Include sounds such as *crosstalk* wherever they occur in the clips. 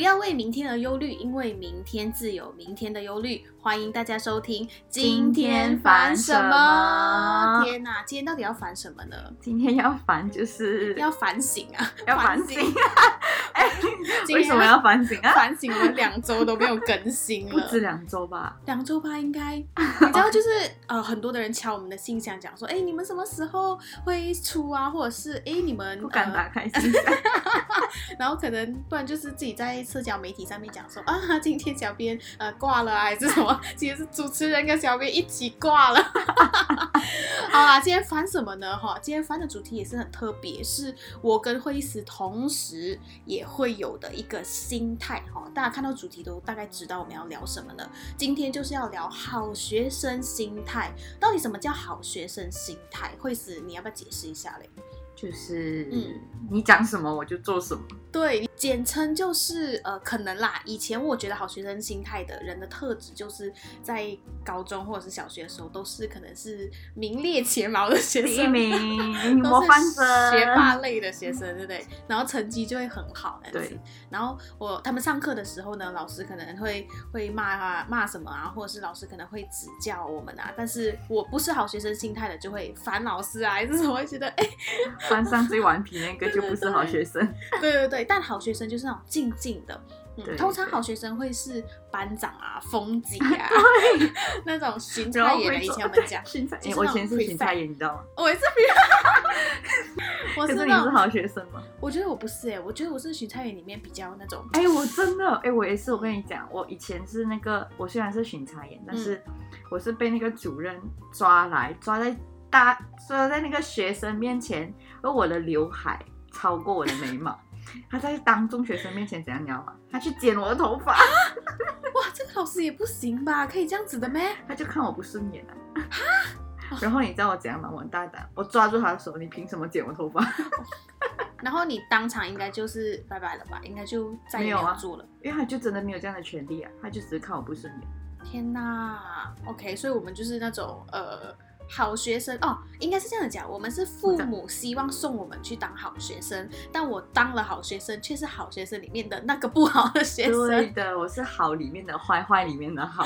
不要為明天而憂慮，因為明天自有明天的憂慮。歡迎大家收聽，今天煩什麼？天吶、啊，今天到底要煩什麼呢？今天要煩就是要反省啊，要煩醒啊，反省啊。 *laughs* 啊、為什麼要反省啊？反省了兩周都沒有更新了，不止兩周吧？兩周吧應，應、嗯、該。你知道，就是 Okay. 呃，很多的人敲我們的信箱，講說，哎、欸，你們什麼時候會出啊？或者是，哎、欸，你們不敢打開信箱、呃、 *laughs* 然後可能不然就是自己在社交媒體上面講說，啊，今天小編呃掛了、啊、還是什麼？其實是主持人跟小編一起掛了。 *laughs* 好啦，今天煩什麼呢？哈，今天煩的主題也是很特別，是我跟惠絲同時也會。會有的一個心態哈，大家看到主題都大概知道我們要聊什麼了？今天就是要聊好學生心態，到底什麼叫好學生心態？惠絲，你要不要解釋一下嘞？就是嗯，你講什麼我就做什麼。對，簡稱就是呃，可能啦。以前我覺得好學生心態的人的特質，就是在高中或者是小學的時候，都是可能是名列前茅的學生，名名，名，都是學霸類的學生，對不對，對？然後成績就會很好。對。然後我他們上課的時候呢，老師可能會會罵啊、罵什麼啊，或者是老師可能會指教我們啊。但是我不是好學生心態的，就會煩老師啊，還是什麼會覺得哎。欸 *laughs* *laughs* 班上最頑皮那個就不是好學生，對，對對對，但好學生就是那種靜靜的，嗯，對對對，通常好學生會是班長啊、風紀啊，對 *laughs* 那種巡查員，以前我們講 *laughs* 巡查也，我以前是巡查員，你知道嗎？我也是比較，我 *laughs* 是那是好學生嗎我？我覺得我不是哎、欸，我覺得我是巡查員裡面比較那種，哎、欸，我真的，哎、欸，我也是，我跟你講，我以前是那個，我雖然是巡查員，嗯、但是我是被那個主任抓來抓在。大家說，在那個學生面前，而我的劉海超過我的眉毛， *laughs* 他在當眾學生面前怎樣嘛、啊？他去剪我的頭髮、啊？哇，這個老師也不行吧？可以這樣子的咩？他就看我不順眼了、啊啊、然後你知道我怎樣嗎？我很大膽，我抓住他的手，你憑什麼剪我頭髮？ *laughs* 然後你當場應該就是拜拜了吧？應該就再也沒有做了有、啊，因為他就真的沒有這樣的權利啊，他就只是看我不順眼。天哪，OK，所以我們就是那種呃。好學生哦，應該是這樣的講，我們是父母希望送我們去當好學生，我的但我當了好學生，卻是好學生裡面的那個不好的學生。對的，我是好裡面的壞壞裡面的好。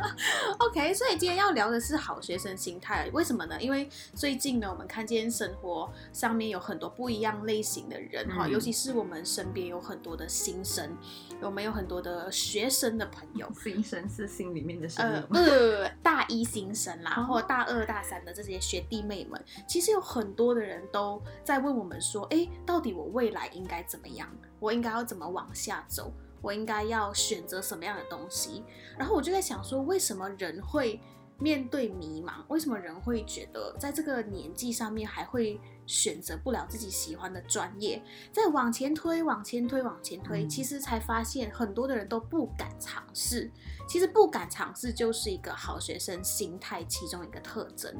*laughs* OK，所以今天要聊的是好學生心態，為什麼呢？因為最近呢，我們看見生活上面有很多不一樣類型的人哈，嗯、尤其是我們身邊有很多的新生，有沒有很多的學生的朋友？新生是心裡面的聲音，呃，大一新生啦，然後大二大。大三的這些學弟妹們，其實有很多的人都在問我們說：“誒，到底我未來應該怎麼樣？我應該要怎麼往下走？我應該要選擇什麼樣的東西？”然後我就在想說，為什麼人會面對迷茫，為什麼人會覺得在這個年紀上面還會選擇不了自己喜歡的專業？再往前推，往前推，往前推，其實才發現很多的人都不敢嘗試。其實不敢嘗試就是一個好學生心態其中一個特徵。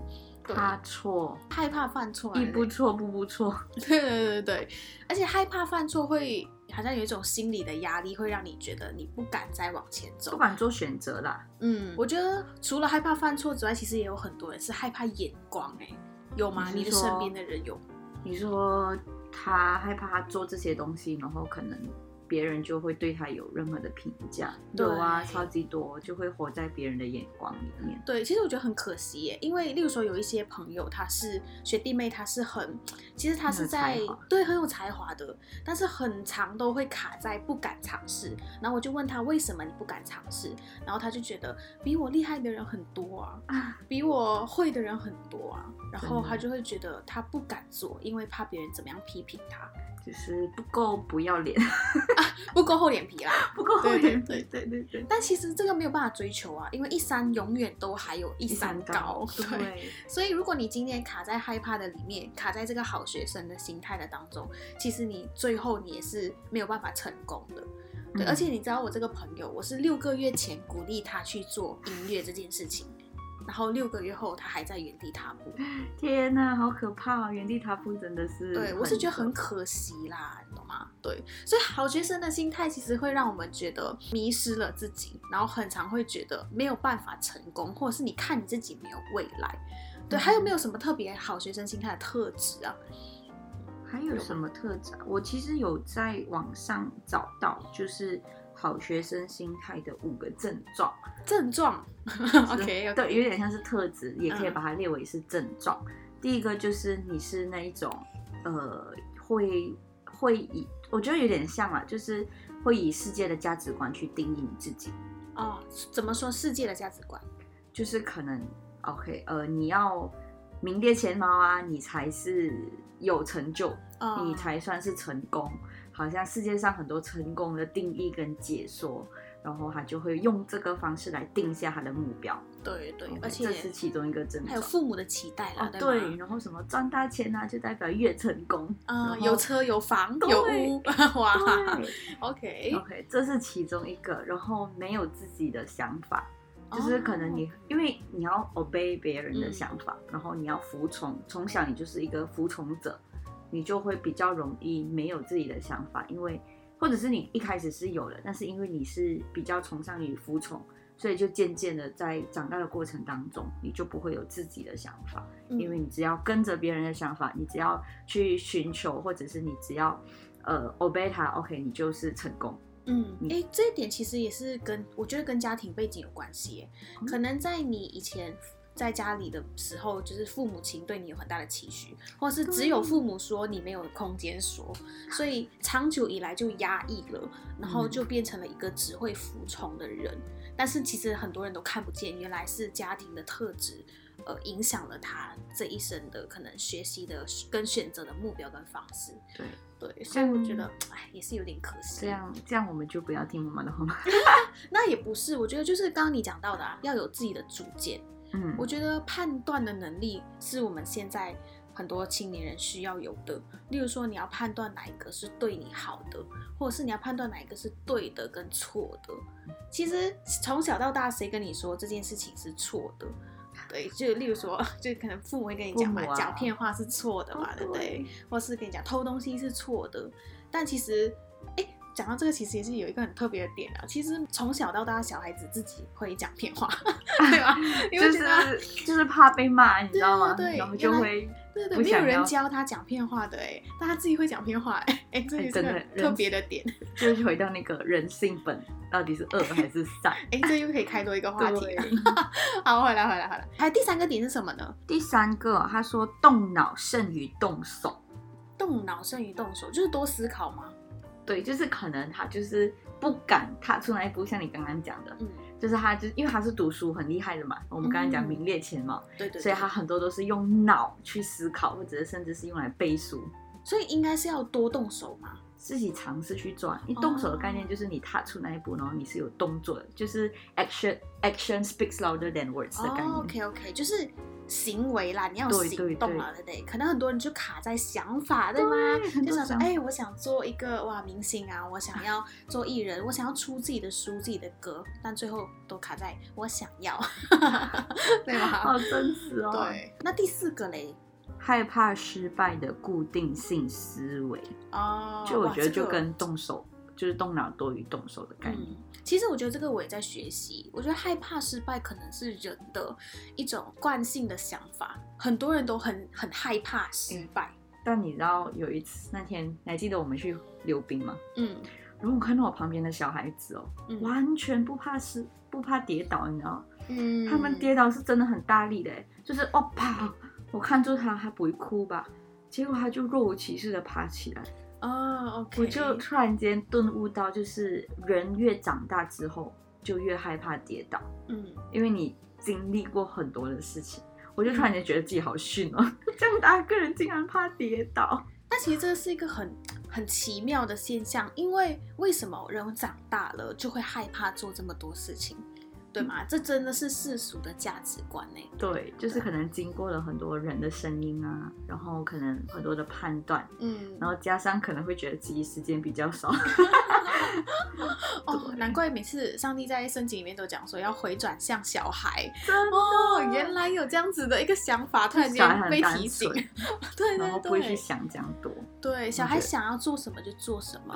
對，怕錯，害怕犯錯，一步錯步步錯。 *laughs* 對，對對對對，而且害怕犯錯會。好像有一種心理的壓力，會讓你覺得你不敢再往前走，不敢做選擇啦。嗯，我覺得除了害怕犯錯之外，其實也有很多人是害怕眼光，欸。哎，有嗎？你，你的身邊的人有？你說他害怕做這些東西，然後可能。別人就會對他有任何的評價，對啊，對超級多，就會活在別人的眼光裡面。對，其實我覺得很可惜耶，因為例如說有一些朋友，他是學弟妹，他是很，其實他是在對很有才華的，但是很常都會卡在不敢嘗試。然後我就問他為什麼你不敢嘗試？然後他就覺得比我厲害的人很多啊，啊嗯、比我會的人很多啊，然後他就會覺得他不敢做，因為怕別人怎麼樣批評他。就是不夠不要臉、 *laughs* 啊、不夠厚臉皮啦，不夠厚臉皮，對對對對。對對對對，但其實這個沒有辦法追求啊，因為一山永遠都還有一山高，高。對，對，所以如果你今天卡在害怕的裡面，卡在這個好學生的心態的當中，其實你最後你也是沒有辦法成功的。對，嗯、而且你知道我這個朋友，我是六個月前鼓勵他去做音樂這件事情。然後六個月後，他還在原地踏步。天哪，好可怕、啊！原地踏步真的是，對我是覺得很可惜啦，嗯、你懂嗎？對，所以好學生的心態其實會讓我們覺得迷失了自己，然後很常會覺得沒有辦法成功，或者是你看你自己沒有未來。對，嗯、還有沒有什麼特別好學生心態的特質啊？還有什麼特質啊？我其實有在網上找到，就是。好學生心態的五個症狀，症狀是，OK, okay. 對，有點像是特質，也可以把它列為是症狀。嗯，第一個就是你是那一種，呃，會會以，我覺得有點像啊，就是會以世界的價值觀去定義你自己。哦，怎麼說世界的價值觀？就是可能 OK，呃，你要名列前茅啊，你才是有成就，哦，你才算是成功。好像世界上很多成功的定義跟解說，然後他就會用這個方式來定下他的目標。對對，而且這是其中一個真的，還有父母的期待啦。對，然後什麼賺大錢呢，就代表越成功。啊，有車有房有屋，哇！OK OK，這是其中一個。然後沒有自己的想法，就是可能你因為你要 obey 別人的想法，然後你要服從，從小你就是一個服從者。你就會比較容易沒有自己的想法，因為，或者是你一開始是有的，但是因為你是比較崇尚於服從，所以就漸漸的在長大的過程當中，你就不會有自己的想法，因為你只要跟着別人的想法，你只要去尋求，或者是你只要，呃，obey 他 OK，你就是成功。嗯，誒，這一點其實也是跟我覺得跟家庭背景有關係，嗯，可能在你以前。在家裡的時候，就是父母親對你有很大的期許，或是只有父母說你沒有空間說，所以長久以來就壓抑了，然後就變成了一個只會服從的人。嗯、但是其實很多人都看不見，原來是家庭的特質，呃，影響了他這一生的可能學習的跟選擇的目標跟方式。對對，所以我覺得，哎樣，也是有點可惜。這樣這樣，這樣我們就不要聽媽媽的話，那也不是，我覺得就是剛剛你講到的，啊，要有自己的主見。 *noise* 我覺得判斷的能力是我們現在很多青年人需要有的。例如說，你要判斷哪一個是對你好的，或者是你要判斷哪一個是對的跟錯的。其實從小到大，誰跟你說這件事情是錯的？對，就例如說，就可能父母會跟你講嘛，講騙話是錯的嘛，多對不對？或是跟你講偷東西是錯的，但其實，講到這個，其實也是有一個很特別的點啊。其實從小到大，小孩子自己會講騙話，對吧？啊、就是就是怕被罵，你知道嗎？對對然後就會對對，不沒有人教他講騙話的哎、欸，但他自己會講騙話、欸、哎，哎，真的特別的點，就是回到那個人性本到底是惡還是善？哎，這又可以開多一個話題了。對好，回來回來回來。還有第三個點是什麼呢？第三個、啊、他說動腦勝於動手，動腦勝於動手就是多思考嘛。對，就是可能他就是不敢，踏出那一步。像你剛剛講的，嗯、就是他就，就因為他是讀書很厲害的嘛，我們剛剛講名列前茅、嗯嗯，對對，對，所以他很多都是用腦去思考，或者甚至是用來背書，所以應該是要多動手嘛。.自己嘗試去做，你動手的概念就是你踏出那一步，oh. 然後你是有動作的，就是 action action speaks louder than words 的概念。Oh, OK OK，就是行為啦，你要行動了，對不對？對對，可能很多人就卡在想法，對嗎？對，就想說，想哎，我想做一個哇明星啊，我想要做藝人，我想要出自己的書、 *laughs* 自己的歌，但最後都卡在我想要， *laughs* 對嗎？好真實哦。對。那第四個嘞？害怕失敗的固定性思維哦，就我覺得就跟動手、這個、就是動腦多於動手的概念、嗯。其實我覺得這個我也在學習。我覺得害怕失敗可能是人的一種慣性的想法，很多人都很很害怕失敗、嗯。但你知道有一次，那天你還記得我們去溜冰嗎？嗯，如果看到我旁邊的小孩子哦，嗯、完全不怕失不怕跌倒，你知道嗯，他們跌倒是真的很大力的，就是哦啪。爸嗯我看住他，他不會哭吧？結果他就若無其事的爬起來。啊，oh, okay. 我就突然間頓悟到，就是人越長大之後就越害怕跌倒。嗯，因為你經歷過很多的事情，我就突然間覺得自己好遜哦、喔，嗯、這麼大個人竟然怕跌倒。但其實這是一個很很奇妙的現象，因為為什麼人長大了就會害怕做這麼多事情？對嘛？這真的是世俗的價值觀呢。對、對，就是可能經過了很多人的聲音啊，然後可能很多的判斷，嗯，然後加上可能會覺得自己時間比較少。 *laughs* 對哦，難怪每次上帝在聖經裡面都講說要回轉像小孩。真的哦，原來有這樣子的一個想法，突然間被提醒。 *laughs* 對、對、對、對，然後不會去想這樣多。對，小孩想要做什麼就做什麼。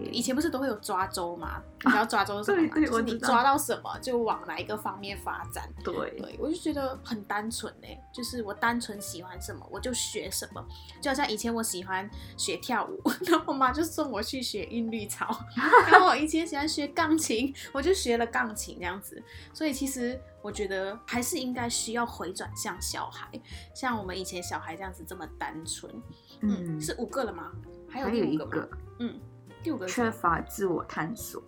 對，以前不是都會有抓周嗎？你要抓周什麼嘛？啊、對就是你抓到什麼，就往哪一個方面發展。對,對,對，我就覺得很單純嘞，就是我單純喜歡什麼，我就學什麼。就好像以前我喜歡學跳舞，然後我媽就送我去學韻律操。 *laughs* 然後我以前喜歡學鋼琴，我就學了鋼琴這樣子。所以其實我覺得還是應該需要回轉像小孩，像我們以前小孩這樣子這麼單純。嗯，是五個了嗎？還有第五個嗎？還有一個，嗯，第五個缺乏自我探索。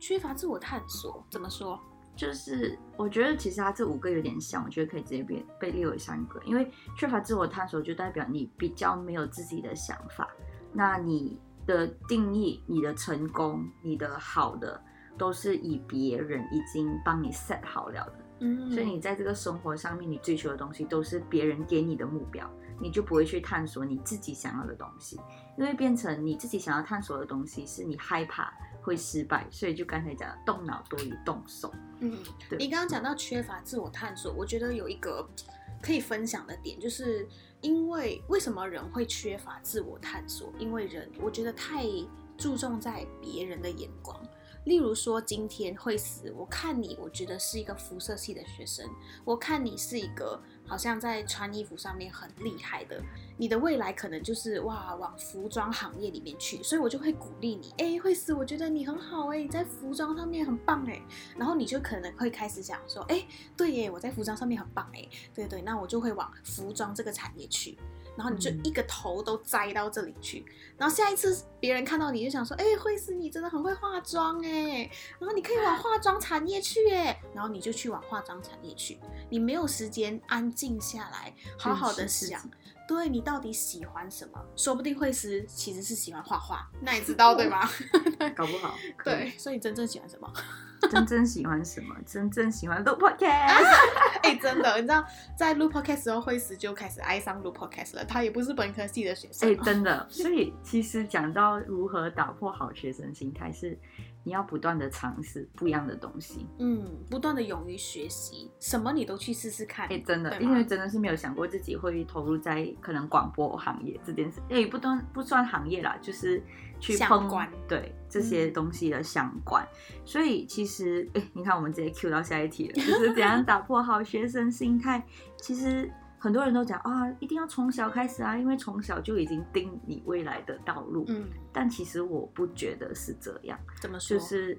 缺乏自我探索怎麼說？就是我覺得其實他這五個有點像，我覺得可以直接被被列為三個，因為缺乏自我探索就代表你比較沒有自己的想法，那你的定義、你的成功、你的好的都是以別人已經幫你 set 好了的，嗯，所以你在這個生活上面你追求的東西都是別人給你的目標。你就不會去探索你自己想要的東西，因為變成你自己想要探索的東西是你害怕會失敗，所以就剛才講的動腦多於動手。嗯，對你剛剛講到缺乏自我探索，我覺得有一個可以分享的點，就是因為為什麼人會缺乏自我探索？因為人我覺得太。注重在別人的眼光，例如說今天惠絲，我看你，我覺得是一個服飾系的學生，我看你是一個好像在穿衣服上面很厲害的，你的未來可能就是哇，往服裝行業裡面去，所以我就會鼓勵你，誒、欸，惠絲，我覺得你很好哎、欸，你在服裝上面很棒誒、欸。然後你就可能會開始想說，誒、欸，對耶、欸，我在服裝上面很棒誒、欸。對，對對，那我就會往服裝這個產業去。然後你就一個頭都栽到這裡去，嗯、然後下一次別人看到你就想說：“哎，惠絲，你真的很會化妝哎。”然後你可以往化妝產業去哎，然後你就去往化妝產業去。你沒有時間安靜下來，好好的想，是是是是是對你到底喜歡什麼？說不定惠絲其實是喜歡畫畫， *laughs* 那你知道對吧 *laughs* 搞不好。對，可以所以你真正喜歡什麼？真正喜歡什麼？真正喜歡錄 podcast，哎、啊欸，真的，你知道在錄 podcast 時候，惠絲就開始愛上錄 podcast 了。他也不是本科系的學生，哎、欸，真的。所以其實講到如何打破好學生心態，是你要不斷的嘗試不一樣的東西，嗯，不斷的勇於學習，什麼你都去試試看。哎、欸，真的，嗎因為真的是沒有想過自己會投入在可能廣播行業這件事。哎、欸，不算不算行業啦，就是。去碰相關對這些東西的相關，嗯、所以其實、欸、你看，我們直接 Q 到下一題了，就是怎樣打破好學生心態。 *laughs* 其實很多人都講啊，一定要從小開始啊，因為從小就已經定你未來的道路。嗯，但其實我不覺得是這樣。怎麼說？就是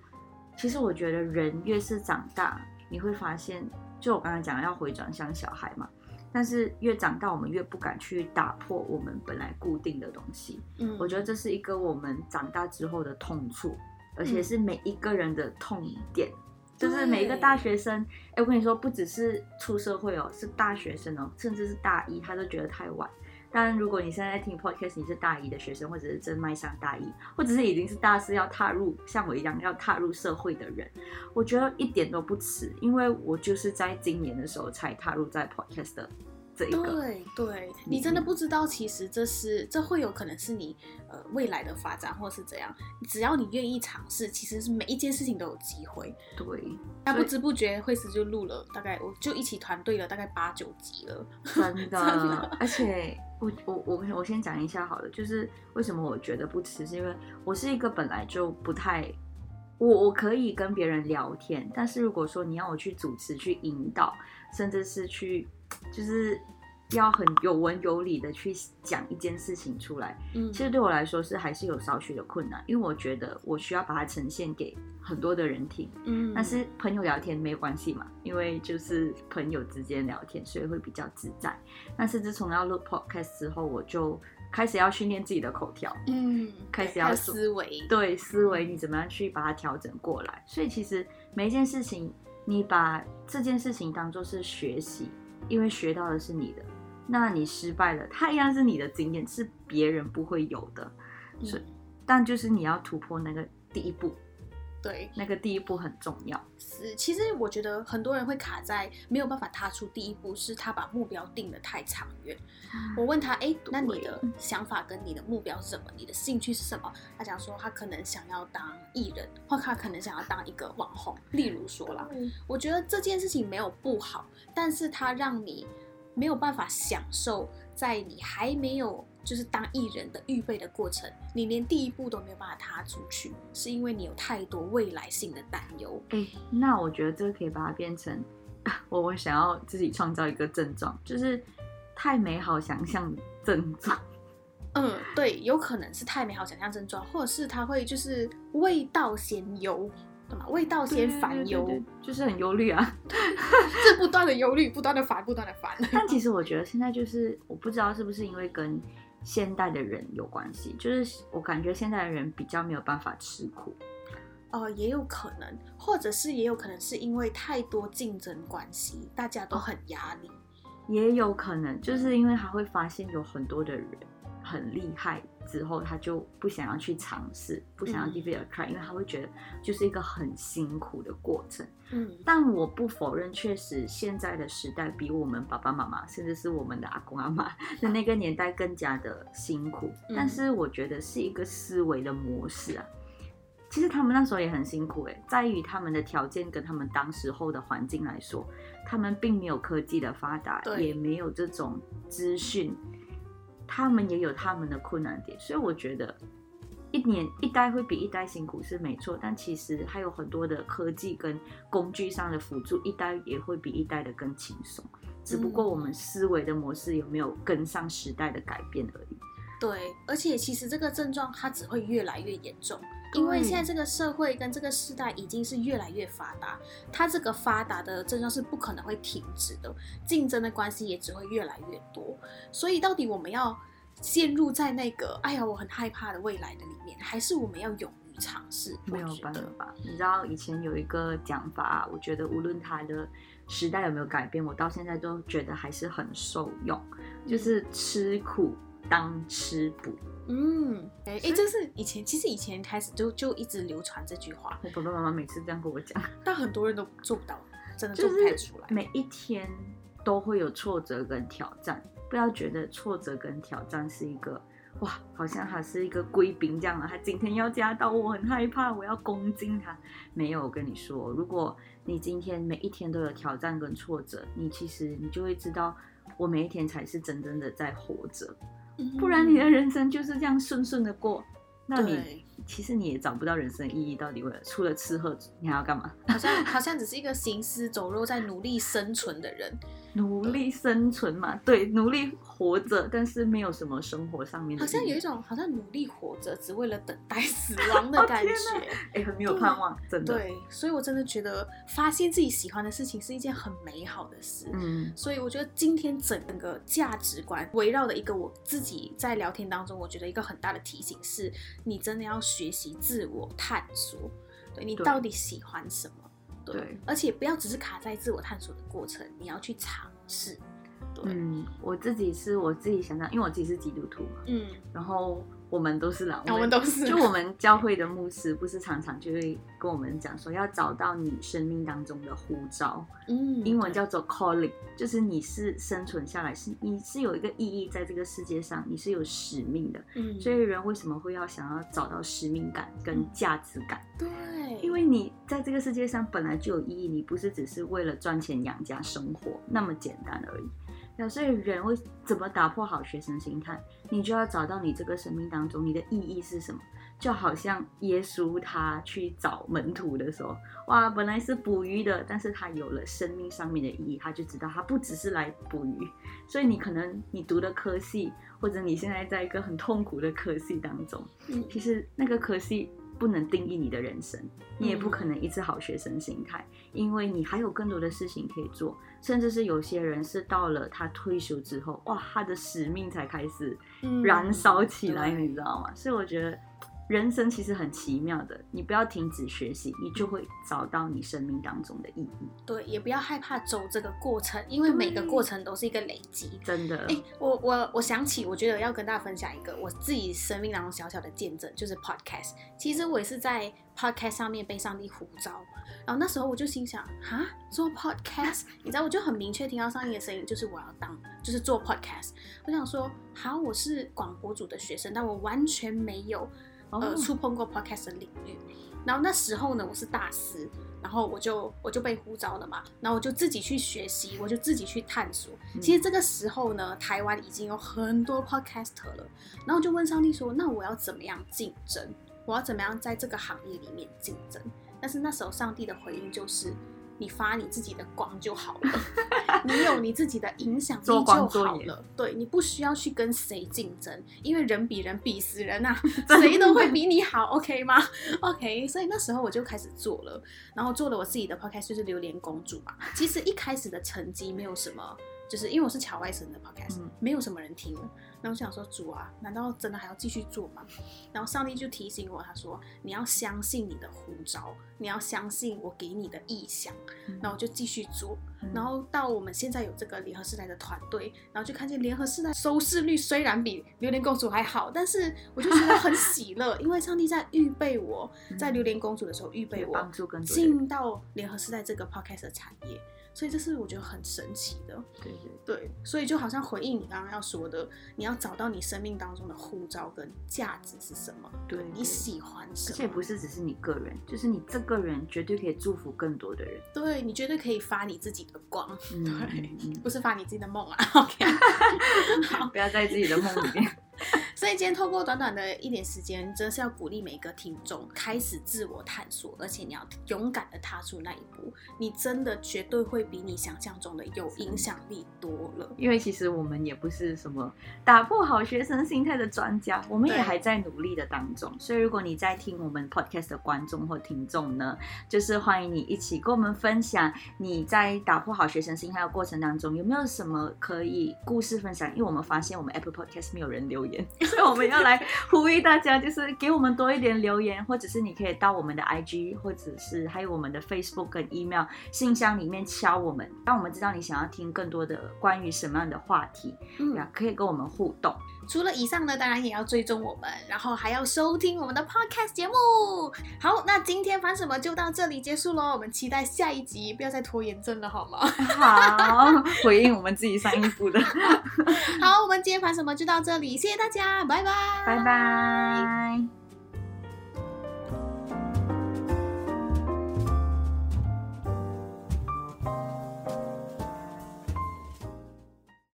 其實我覺得人越是長大，你會發現，就我剛才講，要回轉像小孩嘛。但是越長大，我們越不敢去打破我們本來固定的東西。嗯，我覺得這是一個我們長大之後的痛處，而且是每一個人的痛一點，嗯、就是每一個大學生。哎對，我跟你說，不只是出社會哦，是大學生哦，甚至是大一，他都覺得太晚。但如果你現在聽 podcast，你是大一的學生，或者是正邁向大一，或者是已經是大四要踏入，像我一樣要踏入社會的人，我覺得一點都不遲，因為我就是在今年的時候才踏入在 podcast 的這一個。對對，對以你真的不知道，其實這是這會有可能是你、呃、未來的發展，或是怎樣。只要你願意嘗試，其實是每一件事情都有機會。對，那不知不覺惠絲就錄了大概，我就一起團隊了大概八九集了，真的， *laughs* 真的而且。我我我我先講一下好了，就是為什麼我覺得不吃，是因為我是一個本來就不太，我我可以跟別人聊天，但是如果說你要我去主持、去引導，甚至是去就是。要很有文有理的去講一件事情出來，嗯，其實對我來說是還是有少許的困難，因為我覺得我需要把它呈現給很多的人聽，嗯，但是朋友聊天沒關係嘛，因為就是朋友之間聊天，所以會比較自在。但是自從要錄 podcast 之後，我就開始要訓練自己的口條，嗯，開始要，要思維，對思維，你怎麼樣去把它調整過來？嗯，所以其實每一件事情，你把這件事情當做是學習，因為學到的是你的。那你失敗了，他依然是你的經驗，是別人不會有的。嗯、是，但就是你要突破那個第一步。對，那個第一步很重要。是，其實我覺得很多人會卡在沒有辦法踏出第一步，是他把目標定得太長遠。嗯、我問他，哎，那你的想法跟你的目標是什麼？對你的興趣是什麼？他講說，他可能想要當藝人，或他可能想要當一個網紅。例如說啦，對我覺得這件事情沒有不好，但是他讓你。沒有辦法享受在你還沒有就是當藝人的預備的過程，你連第一步都沒有辦法踏出去，是因為你有太多未來性的擔憂。哎，那我覺得這個可以把它變成我我想要自己創造一個症狀，就是太美好想象症狀。嗯，對，有可能是太美好想象症狀，或者是它會就是未到先憂。味道先煩憂，對對對對就是很憂慮啊， *laughs* 這不斷的憂慮，不斷的煩，不斷的煩。 *laughs* 但其實我覺得現在就是，我不知道是不是因為跟現代的人有關係，就是我感覺現代的人比較沒有辦法吃苦。哦、呃，也有可能，或者是也有可能是因為太多競爭關係，大家都很壓力。也有可能，就是因為他會發現有很多的人很厲害。之後他就不想要去嘗試，不想要 give it a try，因為他會覺得就是一個很辛苦的過程。嗯，但我不否認，確實現在的時代比我們爸爸媽媽，甚至是我們的阿公阿媽的那個年代更加的辛苦。啊、但是我覺得是一個思維的模式啊。嗯、其實他們那時候也很辛苦誒，在於他們的條件跟他們當時候的環境來說，他們並沒有科技的發達，對也沒有這種資訊。他們也有他們的困難點，所以我覺得，一年一代會比一代辛苦是沒錯，但其實還有很多的科技跟工具上的輔助，一代也會比一代的更輕鬆，只不過我們思維的模式有沒有跟上時代的改變而已。對，而且其實這個症狀它只會越來越嚴重。對因為現在這個社會跟這個時代已經是越來越發達，它這個發達的症狀是不可能會停止的，競爭的關係也只會越來越多。所以到底我們要陷入在那個“哎呀，我很害怕”的未來的裡面，還是我們要勇於嘗試？沒有辦法，你知道以前有一個講法，我覺得無論他的時代有沒有改變，我到現在都覺得還是很受用，嗯、就是吃苦。當吃補，嗯，哎、欸欸，就是以前，其實以前開始就就一直流傳這句話。我爸爸媽媽每次這樣跟我講，但很多人都做不到，真的做不太出來。每一天都會有挫折跟挑戰，不要覺得挫折跟挑戰是一個哇，好像他是一個貴賓這樣啊，他今天要加到，我很害怕，我要恭敬他。沒有，我跟你說，如果你今天每一天都有挑戰跟挫折，你其實你就會知道，我每一天才是真正的在活着。不然你的人生就是這樣順順的過，那你對其實你也找不到人生意義，到底為了除了吃喝，你還要幹嘛？好像好像只是一個行屍走肉，在努力生存的人，努力生存嘛，對，努力。活着，但是沒有什麼生活上面的。好像有一種好像努力活着，只為了等待死亡的感覺。哎 *laughs* 哦，很沒有盼望，對真的。對，所以我真的覺得，發現自己喜歡的事情是一件很美好的事。嗯，所以我覺得今天整個價值觀圍繞的一個我自己在聊天當中，我覺得一個很大的提醒是，你真的要學習自我探索，對，你到底喜歡什麼？對，對對，而且不要只是卡在自我探索的過程，你要去嘗試。嗯，我自己是我自己想想，因為我自己是基督徒嘛。嗯，然後我們都是老，我們，我們都是，就我們教會的牧師，不是常常就會跟我們講說，要找到你生命當中的呼召，嗯，英文叫做 calling，對就是你是生存下來，是你是有一個意義在這個世界上，你是有使命的。嗯，所以人為什麼會要想要找到使命感跟價值感？對，因為你在這個世界上本來就有意義，你不是只是為了賺錢養家生活那麼簡單而已。所以人會怎麼打破好學生心態？你就要找到你這個生命當中你的意義是什麼？就好像耶穌他去找門徒的時候，哇，本來是捕魚的，但是他有了生命上面的意義，他就知道他不只是來捕魚。所以你可能你讀的科系，或者你現在在一個很痛苦的科系當中，其實那個科系不能定義你的人生，你也不可能一直好學生心態，嗯、因為你還有更多的事情可以做，甚至是有些人是到了他退休之後，哇，他的使命才開始燃燒起來，嗯、你知道嗎？所以我覺得。人生其實很奇妙的，你不要停止學習，你就會找到你生命當中的意義。對，也不要害怕走這個過程，因為每個過程都是一個累積。真的。誒我我我想起，我覺得要跟大家分享一個我自己生命當中小小的見證，就是 podcast。其實我也是在 podcast 上面被上帝呼召，然後那時候我就心想，哈，做 podcast， *laughs* 你知道，我就很明確聽到上帝的聲音，就是我要當，就是做 podcast。我想說，好，我是廣播組的學生，但我完全沒有。呃，觸碰過 podcast 領域，然後那時候呢，我是大四，然後我就我就被呼召了嘛，然後我就自己去學習，我就自己去探索。其實這個時候呢，台灣已經有很多 podcaster 了，然後就問上帝說：“那我要怎麼樣競爭？我要怎麼樣在這個行業裡面競爭？”但是那時候上帝的回應就是。你發你自己的光就好了，你有你自己的影響力就好了。 *laughs* 對，你不需要去跟誰競爭，因為人比人比死人吶、啊，誰都會比你好，OK 嗎？OK， *laughs* 所以那時候我就開始做了，然後做了我自己的 Podcast，就是榴蓮公主嘛。其實一開始的成績沒有什麼。就是因為我是巧外生的 podcast、嗯、沒有什麼人聽。那、嗯、我想說，主啊，難道真的還要繼續做嗎？然後上帝就提醒我，他說，你要相信你的呼召，你要相信我給你的異象。嗯、然後我就繼續做。嗯、然後到我們現在有這個聯合世代的團隊，然後就看見聯合世代收視率雖然比《榴蓮公主》還好，但是我就覺得很喜樂， *laughs* 因為上帝在預備我，在《榴蓮公主》的時候預備我，進到聯合世代這個 podcast 的產業。所以這是我覺得很神奇的，對對對。所以就好像回應你剛剛要說的，你要找到你生命當中的呼召跟價值是什麼？對，對，對，你喜歡什麼？這也不是只是你個人，就是你這個人絕對可以祝福更多的人。對，你絕對可以發你自己的光，對，嗯嗯嗯、不是發你自己的夢啊。OK， *laughs* 好 *laughs* 不要在自己的夢裡面。 *laughs* 所以今天透過短短的一點時間，真是要鼓勵每個聽眾開始自我探索，而且你要勇敢的踏出那一步，你真的絕對會比你想象中的有影響力多了。因為其實我們也不是什麼打破好學生心態的專家，我們也還在努力的當中。對所以如果你在聽我們 Podcast 的觀眾或聽眾呢，就是歡迎你一起跟我們分享你在打破好學生心態的過程當中有沒有什麼可以故事分享，因為我們發現我們 Apple Podcast 沒有人留言。 *laughs* 所以我們要來呼籲大家，就是給我們多一點留言，或者是你可以到我們的 IG，或者是還有我們的 Facebook 跟 email 信箱裡面敲我們，讓我們知道你想要聽更多的關於什麼樣的話題，嗯，可以跟我們互動。除了以上呢，當然也要追蹤我們，然後還要收聽我們的 podcast 節目。好，那今天煩什麼就到這裡結束嘍，我們期待下一集，不要再拖延症了，好嗎？好，回應我們自己上一部的。 *laughs* 好，我們今天煩什麼就到這裡，謝謝大家，拜拜，拜拜。